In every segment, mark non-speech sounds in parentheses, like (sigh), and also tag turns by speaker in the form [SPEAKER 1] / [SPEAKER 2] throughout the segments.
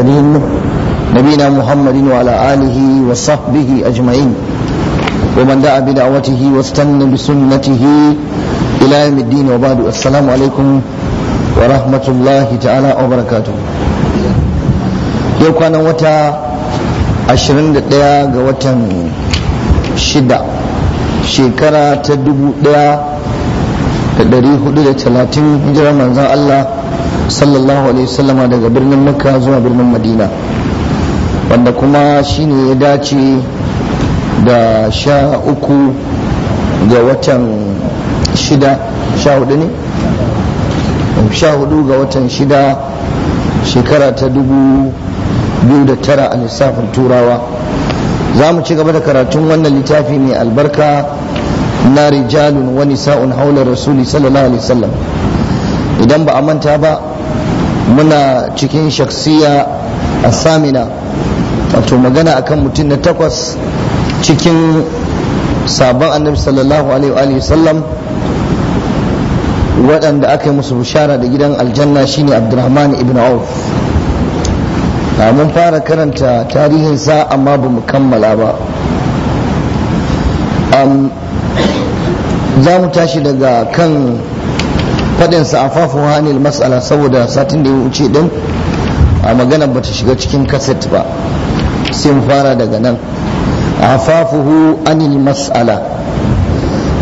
[SPEAKER 1] المرسلين نبينا محمد وعلى آله وصحبه أجمعين ومن دعا بدعوته واستنى بسنته إلى يوم الدين وبعد السلام عليكم ورحمة الله تعالى وبركاته yau kwanan wata 21 ga watan 6 shekara ta 1430 hijirar manzan Allah sallallahu alaihi wasallama daga birnin makka zuwa birnin madina wanda kuma shine ya dace da sha uku ga watan shida sha hudu ne sha hudu ga watan shida shekara ta dubu biyu da tara a lissafin turawa za mu ci gaba da karatun wannan littafi mai albarka na rijalun wani sa'un haular rasuli sallallahu alaihi wasallam idan ba a manta ba muna cikin shaksiya a samina wato magana akan mutum na takwas cikin sabon annabi sallallahu alaihi wa waɗanda aka yi musu bishara da gidan aljanna shine abdurrahman ibn auf mun fara karanta tarihinsa amma ba mu kammala ba za mu tashi daga kan fadin sa afafu hanil mas'ala saboda satin da ya wuce din a magana bata shiga cikin kaset ba sai mu fara daga nan afafuhu anil mas'ala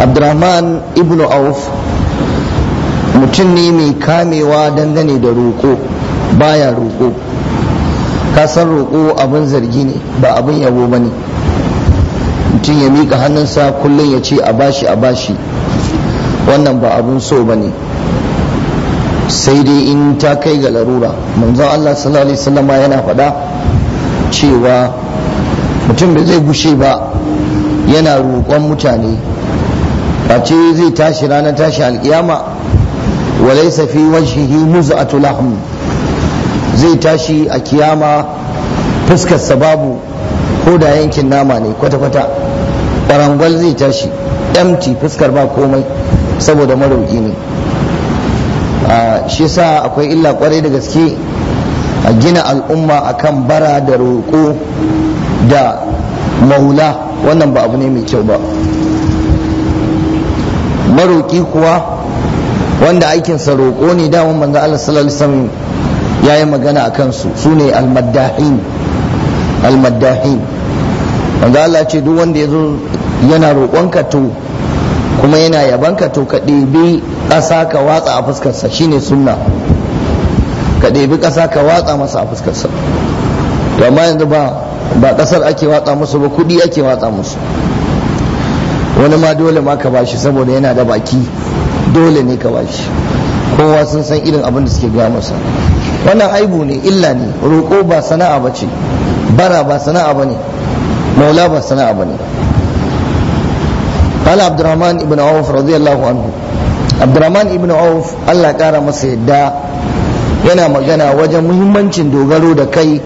[SPEAKER 1] abdurrahman ibnu auf mutum ne mai kamewa dangane da roƙo baya roƙo kasan roƙo abin zargi ne ba abin yabo ba ne mutum ya mika hannunsa kullum ya ce a bashi a bashi wannan ba abin so ba ne sai dai in ta kai ga larura manzon Allah sallallahu alaihi wasallam yana faɗa cewa mutum da zai gushe ba yana roƙon mutane ba ce zai tashi ranar tashi alkiyama walaisa fi wajhihi muz'atu lahm zai tashi a kiyama fuskar sababu ko da yankin nama ne kwata-kwata ƙwarangwal zai tashi empty fuskar ba komai saboda marauki ne shi sa akwai illa kwarai da gaske a gina al'umma akan bara da roƙo da maula wannan ba abu ne mai kyau ba maroƙi kuwa wanda aikinsa roƙo ne daman manzo Allah sallallahu alaihi ya yi magana a kansu su ne almaddahin almaddahin manzo Allah ce duk wanda ya zo yana roƙonka to kuma yana ka to ka ɗebe ƙasa ka watsa a fuskarsa shine sunna ka ɗebi ƙasa ka watsa masa a fuskarsa to amma yanzu ba ba ƙasar ake watsa musu ba kuɗi ake watsa musu wani ma dole ma ka bashi saboda yana da baki dole ne ka bashi kowa sun san irin abin da suke gaya masa wannan aibu ne illa ne roƙo ba sana'a ba ce bara ba sana'a ba ne maula ba sana'a ba ne قال عبد الرحمن بن عوف رضي الله عنه abdurrahman ibn auf allah kara masa yadda yana magana wajen muhimmancin dogaro da kai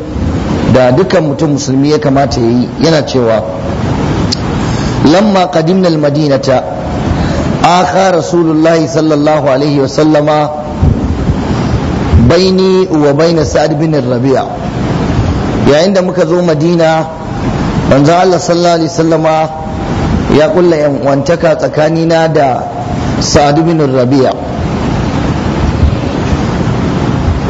[SPEAKER 1] da dukkan mutum musulmi ya kamata yi yana cewa lamma qadimna almadinata aka rasulullah sallallahu alaihi wasallama baini wa baina sa'ad bin rabi'a yayin da muka zo madina manzo allah sallallahu alaihi wasallama ya kulla yan wantaka tsakanina da سعد بن rabi'a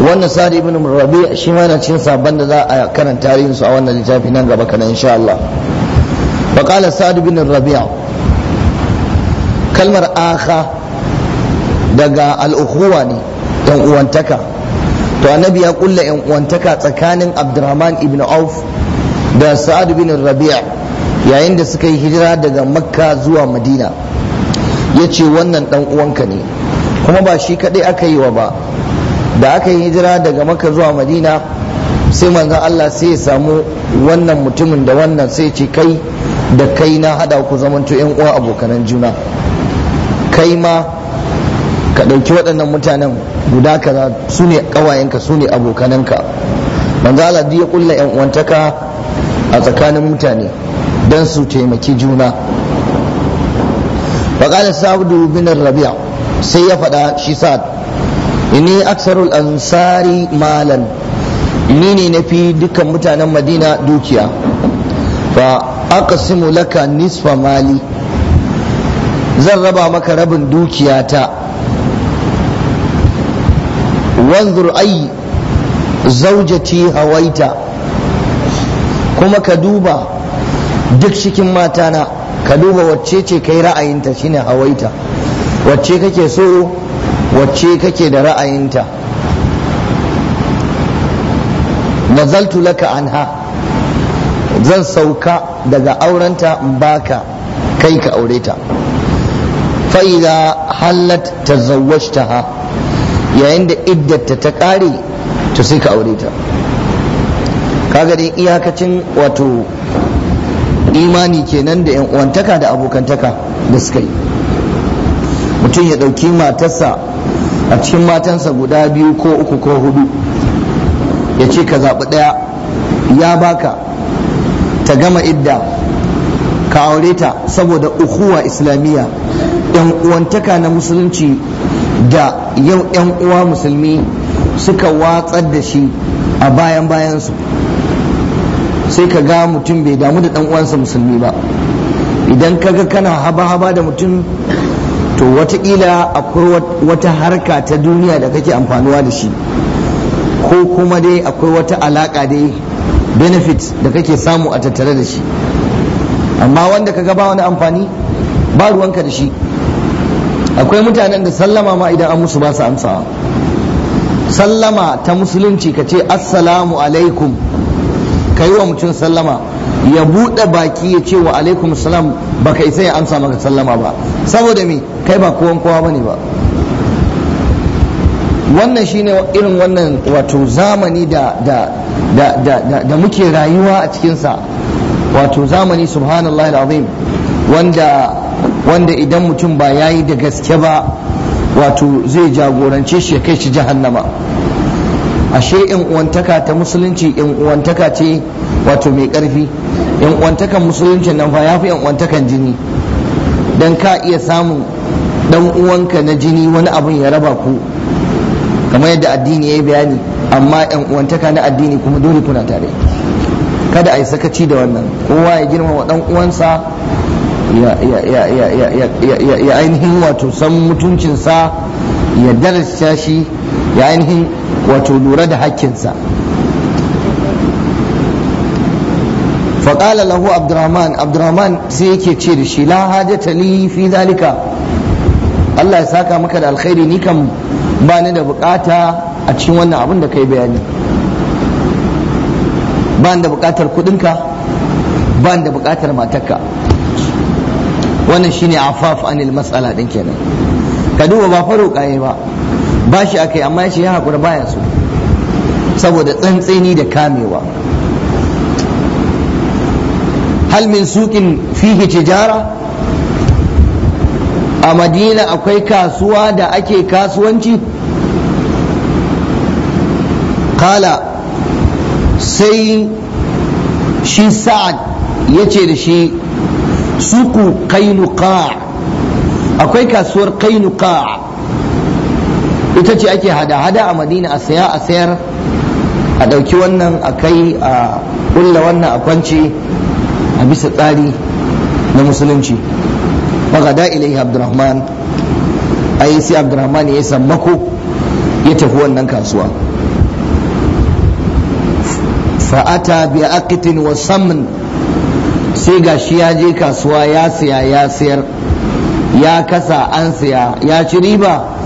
[SPEAKER 1] wannan sa'ad ibn rabi'a shi ma yana cikin sabon da za a karanta tarihin su a wannan littafi nan gaba kana insha Allah fa qala sa'ad ibn rabi'a kalmar akha daga al-ukhuwa ne yan uwantaka to annabi ya kulla yan uwantaka tsakanin abdurrahman ibn auf da sa'ad ibn rabi'a yayin da suka yi hijira daga makka zuwa madina ya ce wannan dan uwanka ne kuma ba shi kadai aka yi wa ba da aka yi hijira daga maka zuwa madina sai manzon Allah sai ya samu wannan mutumin da wannan sai ce kai da kai na hada ku zamanto yan uwa abokanan juna kai ma ka ɗauki waɗannan mutanen guda kaza su ne ƙawayenka su ne abokananka manzo Allah duk ya kulla yan uwantaka a tsakanin mutane don su taimaki juna faƙala sa'udu bin rabi'a sai ya faɗa shi sa'ad inni aksarul ansari malam ni ne na fi dukkan mutanen madina dukiya fa aqsimu laka nisfa mali zan raba maka rabin dukiyata wanzur ai zaujati hawaita kuma ka duba duk cikin mata na. ka duba wacce ce kai ra'ayinta shine hawaita wacce kake so wacce kake da ra'ayinta nazaltu laka anha zan sauka daga aurenta baka kai ka aure ta fa'iza hallat tazawwajtaha yayin da iddata ta kare to sai ka aure ta kaga dai iyakacin wato imani kenan da yan uwantaka da abokantaka da suka yi mutum ya ɗauki matarsa a cikin matansa guda biyu ko uku ko hudu ya ce ka zaɓi ɗaya ya baka ta gama idda ka aure ta saboda ukuwa islamiyya yan uwantaka na musulunci da yau yan uwa musulmi suka watsar da shi a bayan bayansu sai ka ga mutum bai damu da dan uwansa musulmi ba idan ka ga kana haba-haba da mutum to ila akwai wata harka ta duniya da kake amfanuwa da shi ko kuma dai akwai wata alaka dai benefit da kake samu a tattare da shi amma wanda ka ba wani amfani ba ruwanka da shi akwai mutanen da sallama ma idan an musu ba su amsawa sallama ta musulunci ka ce assalamu alaikum ka wa mutum sallama ya buɗe baki ya ce wa alaikum salam baka isa ya amsa maka sallama ba saboda me kai ba kowan kowa ne ba wannan shine irin wannan wato zamani da muke rayuwa a cikinsa wato zamani subhanallah alazim wanda wanda idan mutum ba yayi da gaske ba wato zai jagorance shi ya kai shi jahannama ashe yan uwantaka ta musulunci yan uwantaka ce wato mai karfi yan uwantaka musulunci nan fa yafi yan uwantakan jini dan ka iya samun dan uwanka na jini wani abun ya raba ku kamar yadda addini ya yi bayani amma yan uwantaka na addini kuma dole kuna tare kada a yi sakaci da wannan kowa ya girmama dan uwansa ya ainihin wato san mutuncinsa ya darasta shi ya ainihin wato lura da hakkinsa faƙala lahu abdurrahman abdurrahman sai yake ce da shi la hajata fi zalika Allah ya saka maka da alkhairi ni kan ba ni da buƙata a cikin wannan abin da kai bayani ba ni da buƙatar kudinka ba ni da buƙatar matarka wannan shine afaf anil mas'ala din kenan ka duba ba fa ba ba shi aka yi amma ya ce ya haƙura baya su saboda tsantseni da kamewa hal min suƙin fihi tijara a madina akwai kasuwa da ake kasuwanci kala sai shi sa'ad ya ce da shi suku kainuka akwai kasuwar kainuka ita ce ake hada-hada a madina a saya a sayar a ɗauki wannan a kai a kulla wannan a kwance a bisa tsari na musulunci magada ilai abdurrahman a yi sai abdurrahman ya yi sammako ya tafi wannan kasuwa fa'ata biya akitin wa samun sai gashi ya je kasuwa ya siya ya sayar ya kasa an siya ya ci riba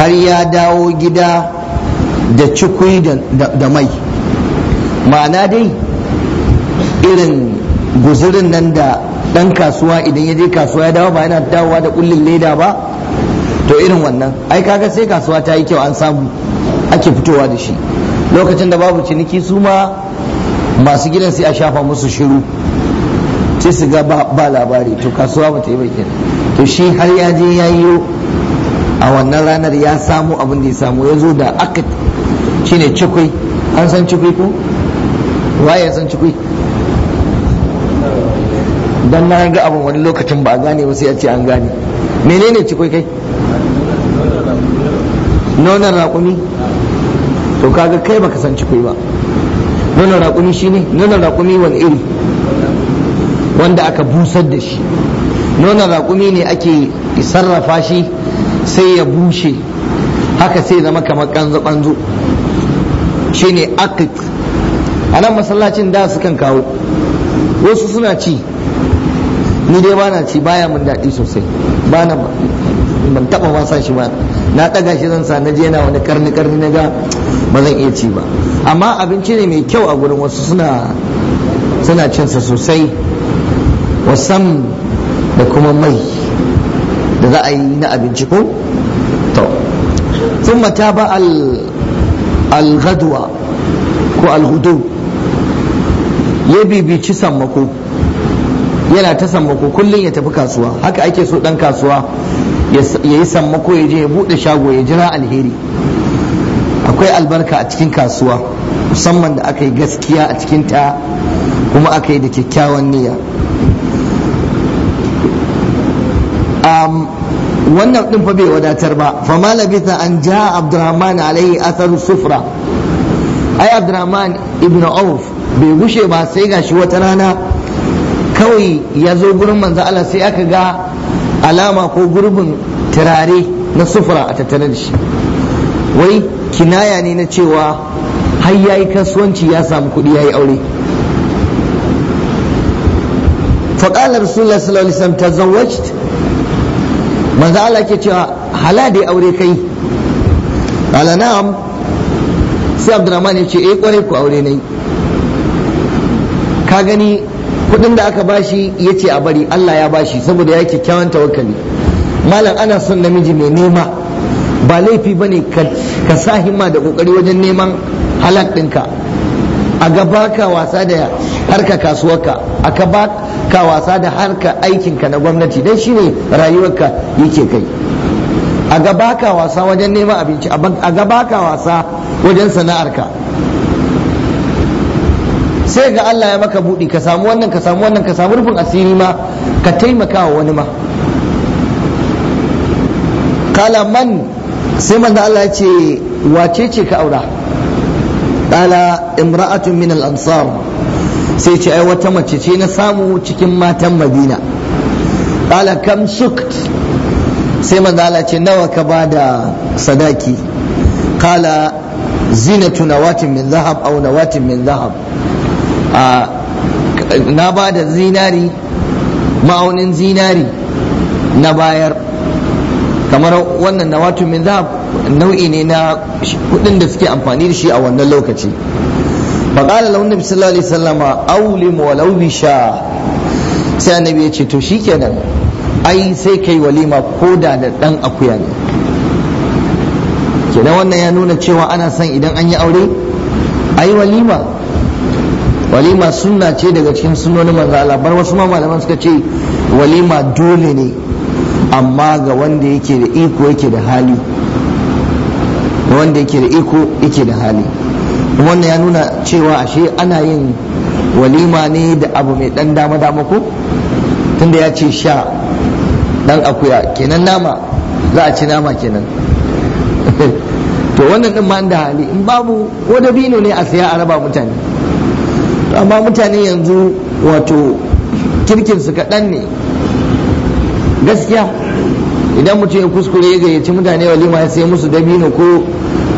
[SPEAKER 1] har ya dawo gida da cikui da mai ma'ana dai irin guzurin nan da ɗan kasuwa idan ya je kasuwa ya dawo ba yana dawowa da kullin leda ba to irin wannan ai kaga sai kasuwa ta yi kyau an samu ake fitowa da shi lokacin da babu ciniki su ma masu gidan sai a shafa musu shiru sai su ga ba labari to kasuwa ba ta yi ba to shi har ya je ya yi a wannan ranar ya samu abin da ya samu ya zo da aka shine cikwai an san cikwai ko waye san cikwai don na ga abin wani lokacin ba a gane ba sai a ce an gane menene cikwai kai nonon raƙumi to kaga kai baka san cikwai ba nonon raƙumi shine nonon raƙumi wani iri wanda aka busar da shi nonon raƙumi ne ake sarrafa shi sai ya bushe haka sai zama kamar kanzu-kanzu shine akik a nan masallacin da sukan kawo wasu suna ci ni dai ba na ci baya mun daɗi sosai ba na ban taɓa wasa shi ba na ɗaga shi zan sa na je yana wani karni karni na ga ba zan iya ci ba amma abinci ne mai kyau a gurin wasu suna suna cinsa sosai wasan da kuma mai da za a yi na abinci ko to ba al الغدوة ko al-hudu. ya bibici sammako yana ta sammako kullum ya tafi kasuwa haka ake so dan kasuwa ya yi sammako ya je ya bude shago ya jira alheri akwai albarka a cikin kasuwa musamman da aka yi gaskiya a cikin ta kuma aka yi da kyakkyawan niyya Um, wannan ɗin fa bai wadatar ba fa ma an ja abdurrahman alaihi atharu sufra ai abdurrahman ibn auf bai gushe ba sai gashi wata rana kawai ya zo gurin manzo Allah sai aka ga alama ko gurbin turare na sufra a tattare da shi wai kinaya ne na cewa har yayi kasuwanci ya samu kuɗi yayi aure faƙalar رسول الله صلى الله عليه maza Allah ke cewa hala ya aure kai ala na'am sai Abdurrahman ya ce eh kware ku aure nayi ka gani kudin da aka bashi ya ce a bari Allah ya bashi saboda ya kyakkyawan tawakkali malam ana son namiji mai nema ba laifi bane ka sa himma da kokari wajen neman halak a gaba ka wasa da harka kasuwarka a ka ka wasa da harka aikinka na gwamnati dan shine rayuwarka yake kai a gaba ka wasa wajen neman abinci a gaba ka wasa wajen sana'arka sai ga Allah ya maka buɗi ka samu wannan ka samu wannan ka samu rufin asiri ma ka taimaka wa wani ma kala man sai manzo Allah ya ce wace ce ka aura kala imra'atun min al-ansar sai ce ai wata mace ce na samu cikin matan madina ƙala kam sukt sai manzala ce nawa ka ba da sadaki ƙala zinatu nawatin min zahab au nawatin min zahab na ba da zinari ma'aunin zinari na bayar kamar wannan watin min zahab nau'i ne na kudin da suke amfani da shi a wannan lokaci faƙala launin nabi sallallahu alaihi sallama aulim walau sha. sai annabi ya ce to shikenan ai sai kai walima ko da da dan akuya ne kenan wannan ya nuna cewa ana son idan an yi aure ai walima walima sunna ce daga cikin sunnonin manzo Allah bar wasu ma malaman suka ce walima dole ne amma ga wanda yake da iko yake da hali wanda yake da iko yake da hali wannan ya nuna cewa ashe ana yin walima ne da abu mai dan dama dama ko tunda ya ce sha dan akuya kenan nama za a ci nama kenan (laughs) to wannan din ma da hali in babu ko dabino ne a saya a raba mutane amma mutane yanzu wato kirkin su kaɗan ne gaskiya idan mutum ya kuskure ya gayyaci mutane walima ya sai musu dabino ko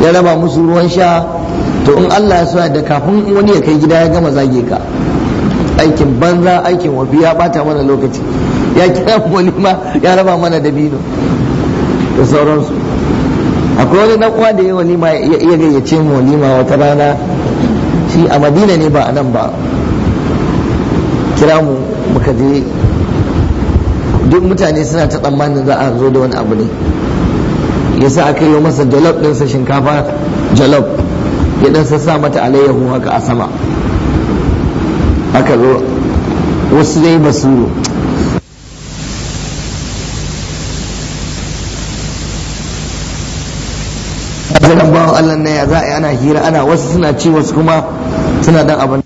[SPEAKER 1] ya raba musu ruwan sha to in Allah ya sa da kafin wani ya kai gida ya gama zage ka aikin banza aikin wafi ya bata mana lokaci ya kira (laughs) wani ma ya raba mana dabino da sauransu akwai wani dan uwa da ya walima ya gayyace mu walima wata rana shi a Madina ne ba a nan ba kira mu muka je duk mutane suna ta tsammanin za a zo da wani abu ne yasa aka yi masa jalof sa shinkafa jalof ya dan sassa mata alayyahu haka a sama haka zo wasu dai basu bawan Allah na ya za a yi ana hira ana wasu suna ci wasu kuma suna dan abin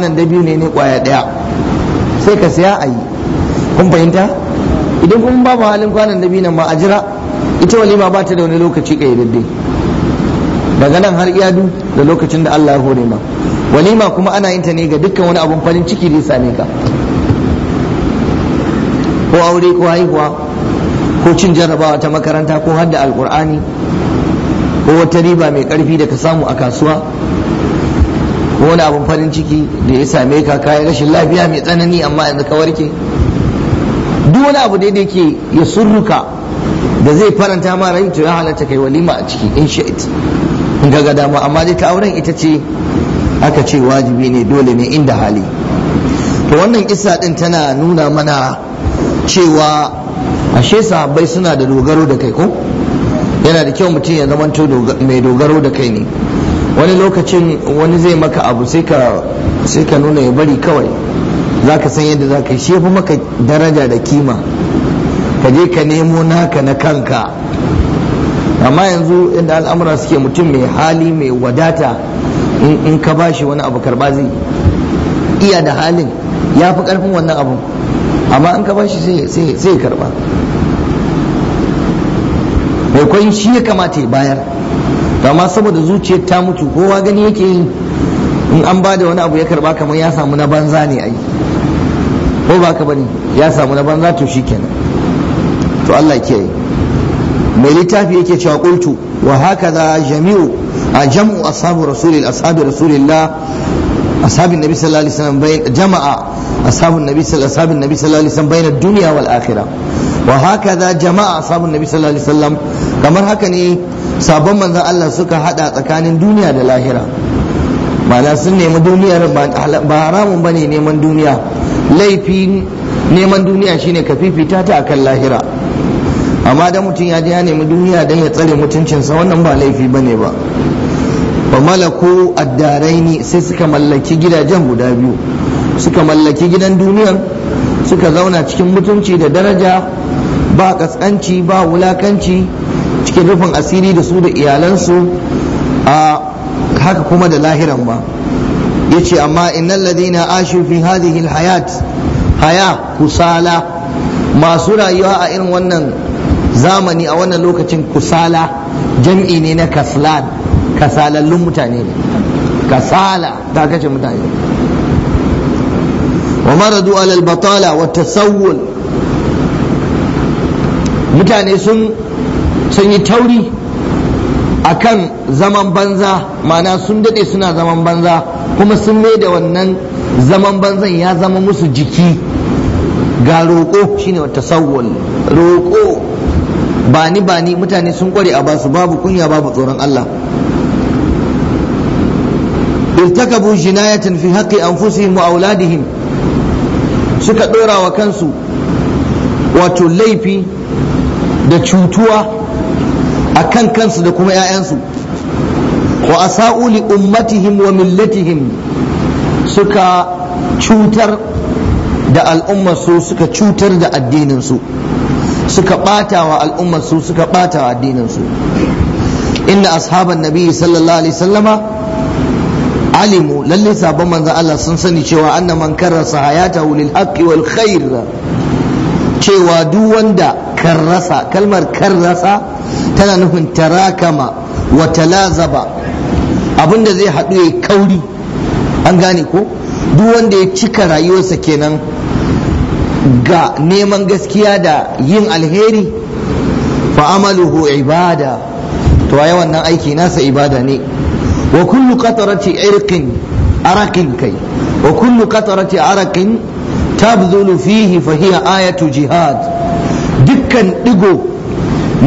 [SPEAKER 1] nan da biyu ne ne kwaya daya sai ka siya a yi kun fahimta idan kuma babu halin kwanan da biyu nan ma a jira ita walima ba ta da wani lokaci ka kayyadadde daga nan har iyadu da lokacin da Allah ya hore ma walima kuma ana yin ta ne ga dukkan wani abun farin ciki da ya same ka ko aure ko haihuwa ko cin jarrabawa ta makaranta ko hadda alkur'ani ko wata riba mai karfi da ka samu a kasuwa ko wani abun farin ciki da ya same ka kayan rashin lafiya mai tsanani amma yanzu ka warke duk wani abu da ke ya surruka da zai faranta ma rai to ya halatta kai walima a ciki in sha'it in ga dama amma dai ta auren ita ce aka ce wajibi ne dole ne inda hali to wannan isa din tana nuna mana cewa ashe sahabbai suna da dogaro da kai ko yana da kyau mutum ya zamanto mai dogaro da kai ne wani lokacin wani zai maka abu sai ka nuna ya bari kawai za ka san yadda za ka shi fi maka daraja da kima ka je ka nemo naka na kanka amma yanzu inda al'amura suke mutum mai hali mai wadata in ka ba wani abu karba zai iya da halin ya fi karfin wannan abu amma in ka ba sai karba mai shi ya kamata ya bayar to amma saboda zuciyar ta mutu kowa gani yake yi in an ba da wani abu ya karba kamar ya samu na banza ne ai ko ba ka bane ya samu na banza to shikenan to Allah yi mai littafi yake cewa qultu wa hakaza jami'u a jam'u ashabu rasulil ashabu rasulillah ashabin nabi sallallahu alaihi wasallam bai jama'a أصحاب النبي صلى أصحاب النبي صلى الله عليه وسلم بين الدنيا والآخرة وهكذا جماعة أصحاب النبي صلى الله عليه وسلم كما هكني sabon manzan Allah suka hada tsakanin duniya da lahira ma'ana sun nemi duniyar ba haramun ba ne neman duniya laifin neman duniya shine ka fifita ta akan lahira amma da mutum ya je ya nemi duniya don ya tsare mutuncinsa wannan ba laifi ba ne ba ba addarai addaraini sai suka mallaki gidajen guda biyu suka mallaki gidan duniyan suka zauna cikin mutunci da daraja ba ƙasƙanci ba wulakanci cikin rufin asiri da su da iyalansu a haka kuma da lahiran ba yace amma innal ladina ashu fi hadhihi hayat, haya kusala masu rayuwa a irin wannan zamani a wannan lokacin kusala jam'i ne na kasalan, kasalallun mutane kasala ta kashe mutane ومرضوا على البطالة والتسول mutane sun sun yi tauri akan zaman banza mana sun dade suna zaman banza kuma sun mai da wannan zaman banzan ya zama musu jiki ga roƙo ne wata tsawon roƙo bani ni mutane sun ƙware a basu babu kunya babu tsoron Allah irtakabu jinayatan fi haqqi anfusihim wa auladihim suka ɗora wa kansu wato laifi da cutuwa a kan kansu da kuma 'ya'yansu wa asauli li ummatihim wa millatihim suka cutar da al'ummarsu suka cutar da addininsu suka ɓata wa al'ummarsu suka ɓata wa addininsu inda ashaban nabi sallallahu alaihi sallama alimu lalle sabon manzon Allah sun sani cewa annan man karrasa hayata lil haqqi wal khair cewa duk wanda karrasa kalmar karrasa tana nufin tarakama wa talazaba abinda zai haɗu ya kauri an gane ko duk wanda ya cika rayuwarsa kenan ga neman gaskiya da yin alheri fa amaluhu ibada to a yawan nan aiki nasa ibada ne wa kullu qatarati irqin arakin kai wa kullu qatarati arakin tabdhulu fihi fa hiya ayatu jihad dukkan digo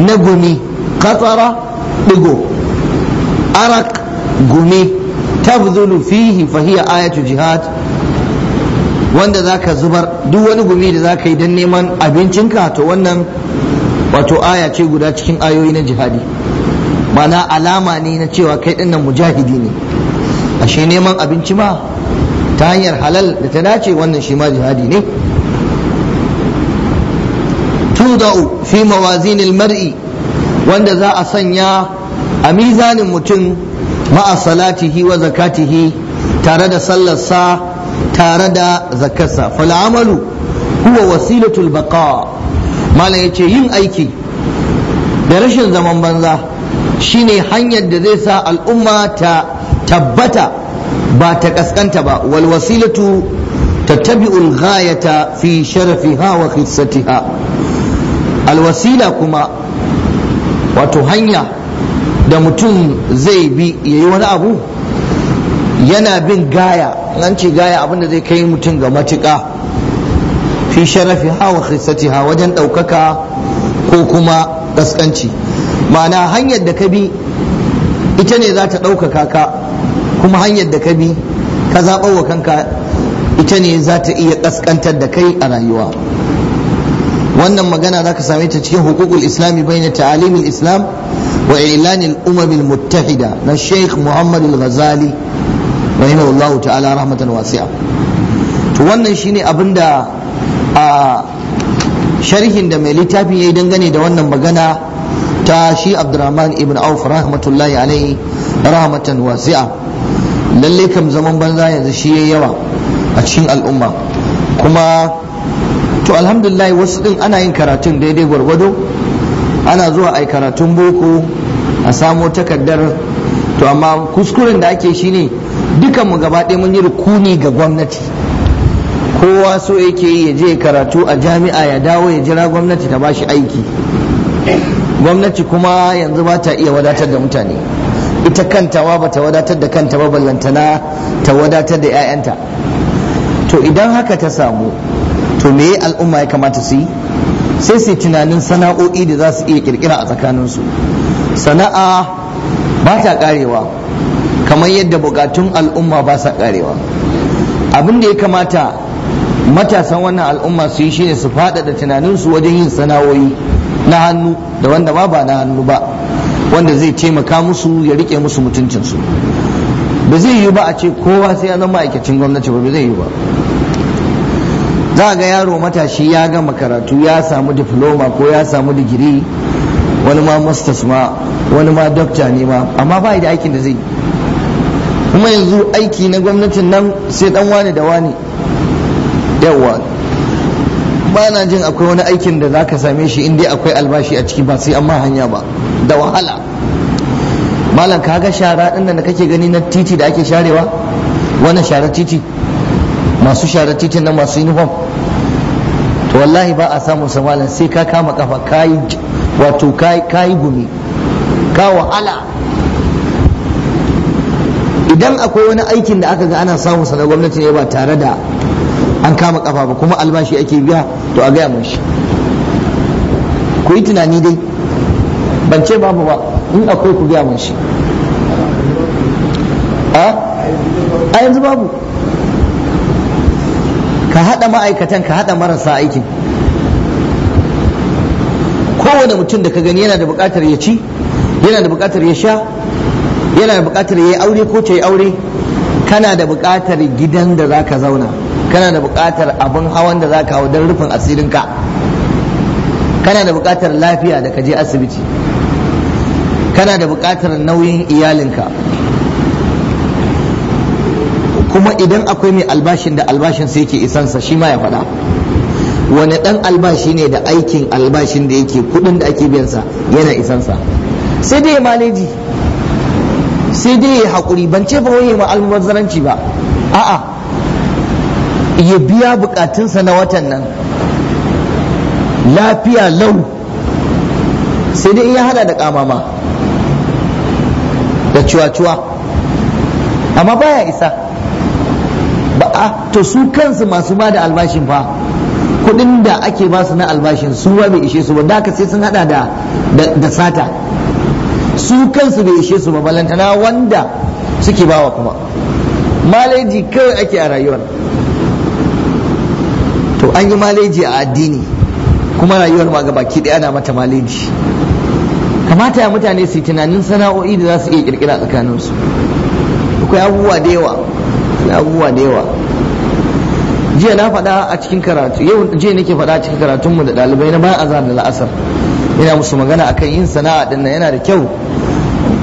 [SPEAKER 1] na gumi qatara digo arak gumi tabdhulu fihi fa hiya ayatu jihad wanda zaka zubar duk wani gumi da zaka yi dan neman abincinka to wannan wato aya ce guda cikin ayoyi na jihadi mana alama ne na cewa kai dinnan mujahidi ne ashe neman abinci ma ta hanyar halal da ta dace wannan shi ma jihadi ne tudau fi mawazinil mar'i wanda za a sanya a mizanin mutum ma'a salatihi wa zakatihi tare da sallarsa tare da zakarsa fal'amalu huwa wasilatul baqa malam yace yin aiki da rashin zaman banza shine hanyar da zai sa al'umma ta tabbata ba ta kaskanta ba wal wasilatu tattabi'ul ghayata fi sharafiha wa khissatiha al wasila kuma wato hanya da mutum zai bi yayi wani abu yana bin gaya nan ce gaya abinda zai kai mutum ga matuƙa fi sharafiha wa khissatiha wajen ɗaukaka ko kuma ƙasƙanci ma'ana hanyar da ka bi ita ne za ta ɗaukaka ka kuma hanyar da ka bi ka zaɓar wa kanka ita ne za ta iya ƙaskantar da kai a rayuwa wannan magana za ka same ta cikin hukukul islami na ta'alimin islam wa ilanin umamin muttahida na sheikh muhammad al-ghazali rahimahullah ta'ala rahmatan wasi'a to wannan shine abinda a sharhin da mai littafin yayi dangane da wannan magana ta shi abdurrahman ibn auf rahmatullahi alaihi rahmatan wasi'a lalle kam zaman banza yanzu shi yayi yawa a cikin al'umma kuma to alhamdulillah wasu din ana yin karatun daidai gwargwado ana zuwa ai karatun boko a samo takardar to amma kuskuren da ake shine dukan mu gaba ɗaya mun yi rukuni ga gwamnati kowa so yake yi ya je karatu a jami'a ya dawo ya jira gwamnati ta bashi aiki gwamnati kuma yanzu ba ta iya wadatar da mutane ita kanta ma ba ta wadatar da kanta ba ballantana ta wadatar da 'ya'yanta to idan haka ta samu to me al'umma ya kamata su yi sai su tunanin sana'o'i da za su iya kirkira a tsakaninsu sana'a ba ta karewa kamar yadda bukatun al'umma ba sa karewa abin da ya kamata matasan wannan al'umma su yi shine su faɗaɗa tunaninsu wajen yin sana'o'i na hannu da wanda ma ba na hannu ba wanda zai taimaka musu ya rike musu mutuncinsu ba zai yi ba a ce kowa sai ya zama ma'aikacin gwamnati ba ba zai yi ba za ga yaro matashi ya gama karatu ya samu diploma ko ya samu digiri wani ma masters ma wani ma dokta ne ma amma ba da aikin da zai yi kuma yanzu aiki na gwamnatin nan sai dan wane da wane yawa ba na jin akwai wani aikin da za ka same shi inda akwai albashi a ciki ba sai amma hanya ba da wahala malam ka ga shara ɗin da kake gani na titi da ake sharewa wannan shara titi masu shara titi na masu uniform to wallahi ba a samun samalan sai ka kama kafa kayi wato kayi gumi ka wahala idan akwai wani aikin da aka ga ana samun sa na gwamnati ne ba tare da an kama kafa ba kuma albashi ake biya to a gaya mun shi ku yi tunani dai ban ce babu ba in akwai ku gaya mun shi a yanzu babu ka haɗa ma'aikatan ka haɗa marasa aikin kowane mutum da ka gani yana da buƙatar ya ci yana da buƙatar ya sha yana da buƙatar ya yi aure ko ta yi aure kana da buƙatar gidan da za ka zauna kana da buƙatar abin hawan da za ka hau don rufin asirinka kana da buƙatar lafiya da ka je asibiti kana da buƙatar nauyin iyalinka kuma idan akwai mai albashin da albashin sai ke isansa shi ma ya faɗa wani ɗan albashi ne da aikin albashin da yake kuɗin da ake biyansa yana isansa sai dai maleji sai dai ya haƙuri ban ce ba wani ma almubazzaranci ba a'a ya biya bukatunsa na watan nan lafiya lau sai dai ya hada da kamama da cuwa-cuwa amma baya isa ba a ah, to su kansu masu ba da albashin fa kudin da ake ba su na albashin su ba bai ishe su ba da sai sun hada da da sata su kansu bai ishe su ba balantana wanda suke bawa kuma malaji kawai ake a rayuwar to an yi maleji a addini kuma rayuwar ma gabaki daya ana mata maleji kamata ya mutane su yi tunanin sana'o'i da za su iya kirkira tsakaninsu akwai abubuwa da yawa abubuwa da yawa jiya na faɗa a cikin karatu yau jiya nake faɗa a cikin karatunmu da ɗalibai na bayan azan da la'asar ina musu magana akan yin sana'a din nan yana da kyau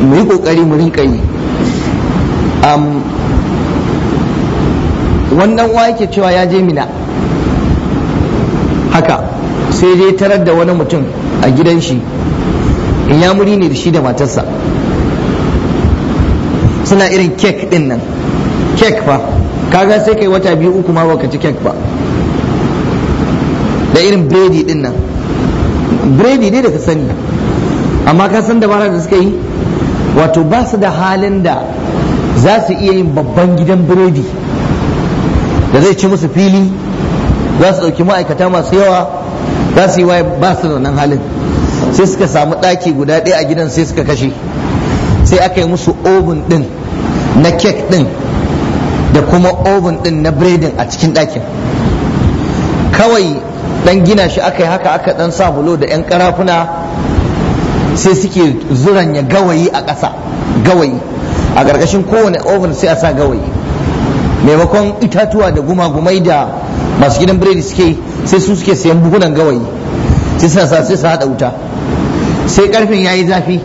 [SPEAKER 1] mu yi kokari mu rinka yi wannan wa yake cewa ya je mina haka sai dai tarar da wani mutum a gidan shi in ya muri ne da shi da matarsa suna irin kek din nan kek fa kaga sai kai wata biyu uku ma baka ci kek ba da irin biredi din nan biredi ne da ka sani amma ka san dabara da suka yi wato ba su da halin da za su iya yin babban gidan biredi da zai ci musu fili za su ɗauki ma'aikata masu yawa za su yi waye ba su da wannan halin sai suka samu ɗaki guda ɗaya a gidan sai suka kashe sai aka yi musu oven ɗin na kek ɗin da kuma oven ɗin na biredin a cikin ɗakin kawai ɗan gina shi aka yi haka aka ɗan sa bulo da 'yan karafuna sai suke zuranya gawayi a ƙasa gawayi a ƙarƙashin kowane oven sai a sa gawayi maimakon itatuwa da gumagumai da masu gidan biredi suke sai su suke sayan bukunan gawayi sai suna sa sai su haɗa wuta sai karfin yi zafi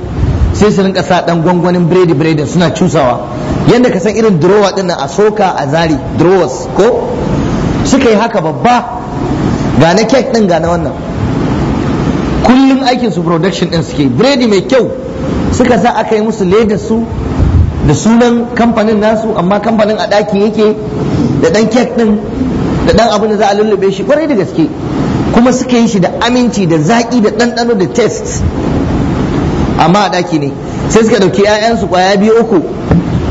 [SPEAKER 1] sai su rinka sa dan gwangwanin biredi biredi suna cusawa yadda ka san irin durowa dinnan a soka a zari durowas, ko suka yi haka babba ga na kek ɗin, ga na wannan kullum aikin su production din suke biredi mai kyau suka sa aka yi musu ledar su da sunan kamfanin nasu amma kamfanin a daki yake da ɗan kek ɗin da ɗan abin da za a lullube shi kwarai da gaske kuma suka yi shi da aminci da zaƙi da ɗanɗano da test amma a ɗaki ne sai suka ɗauki 'ya'yansu kwaya biyu uku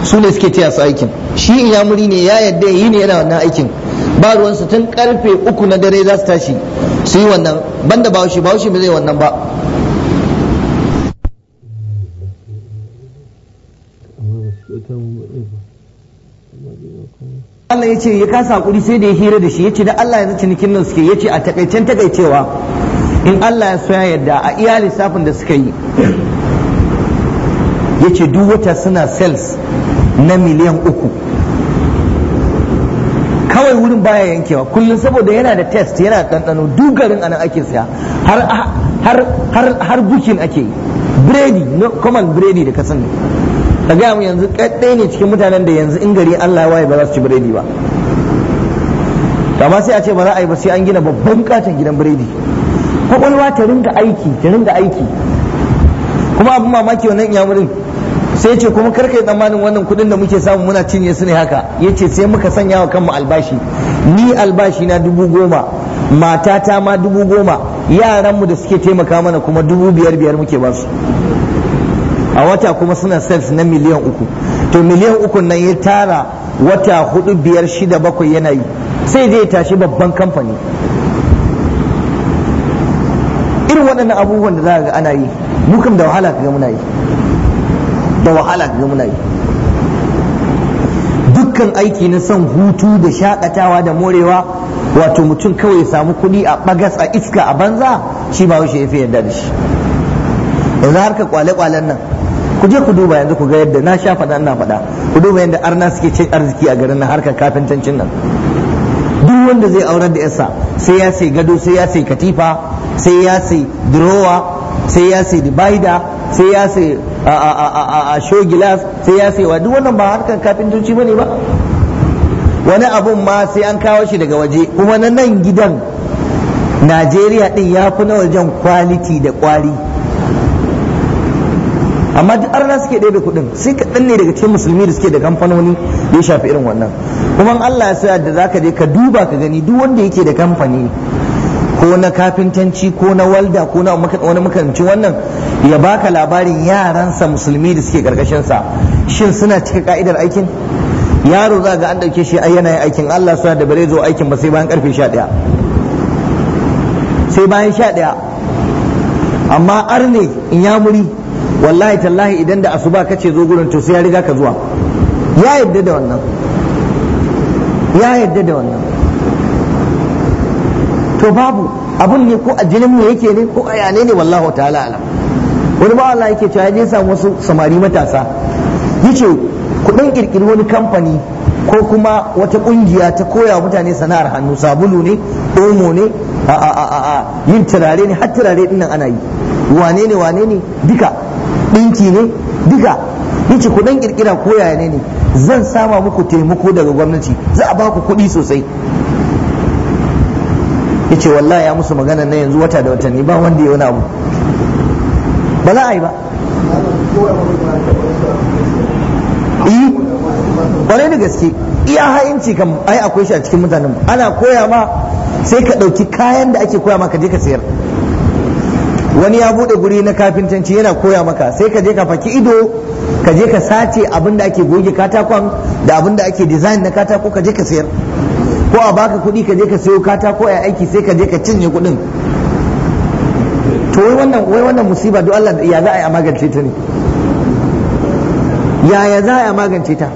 [SPEAKER 1] su ne suke taya su aikin shi muri ne ya yadda yi ne yana wannan aikin ba ruwansu tun karfe uku na dare za su tashi su yi wannan banda bawo shi ba zai wannan ba Allah ya ce ya kasa hakuri sai da ya hira da shi ya ce da Allah cinikin nan suke ya ce a takaicen takaicewa in Allah ya soya yadda a iya lissafin da suka yi ya ce duk wata suna sales na miliyan uku kawai wurin baya yankewa kullum saboda yana da test yana da ɗanɗano dugarin anan ake siya har har bukin ake yi biredi kuma biredi da kasan ka gaya mu yanzu kaɗai ne cikin mutanen da yanzu in gari Allah ya waye ba za su ci biredi ba amma sai a ce ba za a yi ba sai an gina babban katon gidan biredi kwakwalwa ta ringa aiki ta ringa aiki kuma abin mamaki wannan murin sai ce kuma karkai tsammanin wannan kudin da muke samu muna cinye su ne haka ya ce sai muka sanya wa kanmu albashi ni albashi na dubu goma matata ma dubu goma yaranmu da suke taimaka mana kuma dubu biyar biyar muke basu a wata kuma suna sales na miliyan uku to miliyan uku nan ya tara wata hudu biyar shida bakwai yana yi sai zai tashi babban kamfani irin waɗannan abubuwan da za ga ana yi mukan da wahala ga muna yi da wahala ga muna yi dukkan aiki na son hutu da shakatawa da morewa wato mutum kawai samu kuɗi a bagas a iska a banza shi ba wuce ya fi yarda da shi yanzu ka kwale-kwalen nan ku je ku duba yanzu ku ga yadda na sha faɗa ina faɗa ku duba yadda arna suke cin arziki a garin nan harkar kafintancin nan duk wanda zai aurar da yasa sai ya sai gado sai ya sai katifa sai ya sai durowa sai ya sai dibaida sai ya sai a show glass sai ya sai wa duk wannan ba harkar kafintanci bane ba wani abun ma sai an kawo shi daga waje kuma na nan gidan Najeriya din ya fi na wajen kwaliti da kwari amma duk arna suke da kuɗin sai kaɗan ne daga cikin musulmi da suke da kamfanoni da ya shafi irin wannan kuma Allah ya sa da zaka je ka duba ka gani duk wanda yake da kamfani ko na kafintanci ko na walda ko na wani makaranci wannan ya baka labarin yaransa musulmi da suke karkashin sa shin suna cika ka'idar aikin yaro za ga an dauke shi ai yana aikin Allah suna da bare zo aikin ba sai bayan karfe 11 sai bayan 11 amma arne in ya muri wallahi tallahi idan da asuba ka ce zo gurin to sai ya riga ka zuwa ya yadda da wannan ya yadda da wannan to babu abun ne ko a jinin mu yake ne ko a ne wallahi ta'ala alam wani ba Allah yake cewa je samu wasu samari matasa yace ku kirkiri wani kamfani ko kuma wata kungiya ta koya mutane sana'ar hannu sabulu ne omo ne a a a yin turare ne har turare dinnan ana yi wane ne wane ne duka ɗinki ne duka yace ku dan kirkira ko yaya ne ne zan sama muku taimako daga gwamnati za a baku kuɗi sosai yace wallahi ya musu magana na yanzu wata da watanni ba wanda ya wani abu ba za a yi ba eh kwarai da gaske iya ha'inci kam ai akwai shi a cikin mutanen ana koya ma sai ka ɗauki kayan da ake koya ma ka je ka sayar wani ya bude guri na kafintanci yana koya maka sai ka je ka faki ido ka je ka sace abin da ake goge katakon da abin da ake design na katako ka je ka sayar ko a baka kuɗi ka je ka sayo katako a aiki sai ka je ka cinye kuɗin to wai wannan wai wannan musiba duk Allah ya za a yi a magance ta ne ya za a yi a magance ta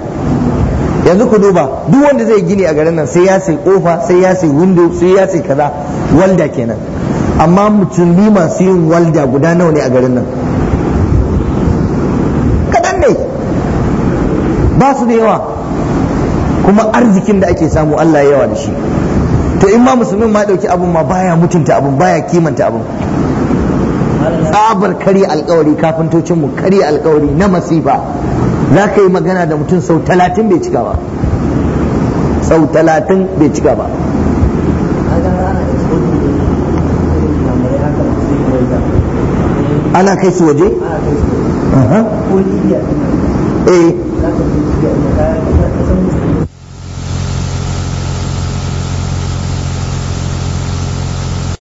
[SPEAKER 1] yanzu ku duba duk wanda zai gini a garin nan sai ya sai kofa sai ya sai window sai ya sai kaza walda kenan amma musulmi masu yin walda guda nawa ne a garin nan kaɗan ne ba su da yawa kuma arzikin da ake samu Allah yawa da shi to in ma musulmin ma ɗauki abun ma baya mutunta abun baya kimanta abun tsabar karya alkawari mu karya alkawari na masifa za ka yi magana da mutum sau talatin bai cika ba sau talatin bai cika ba ana kai su waje eh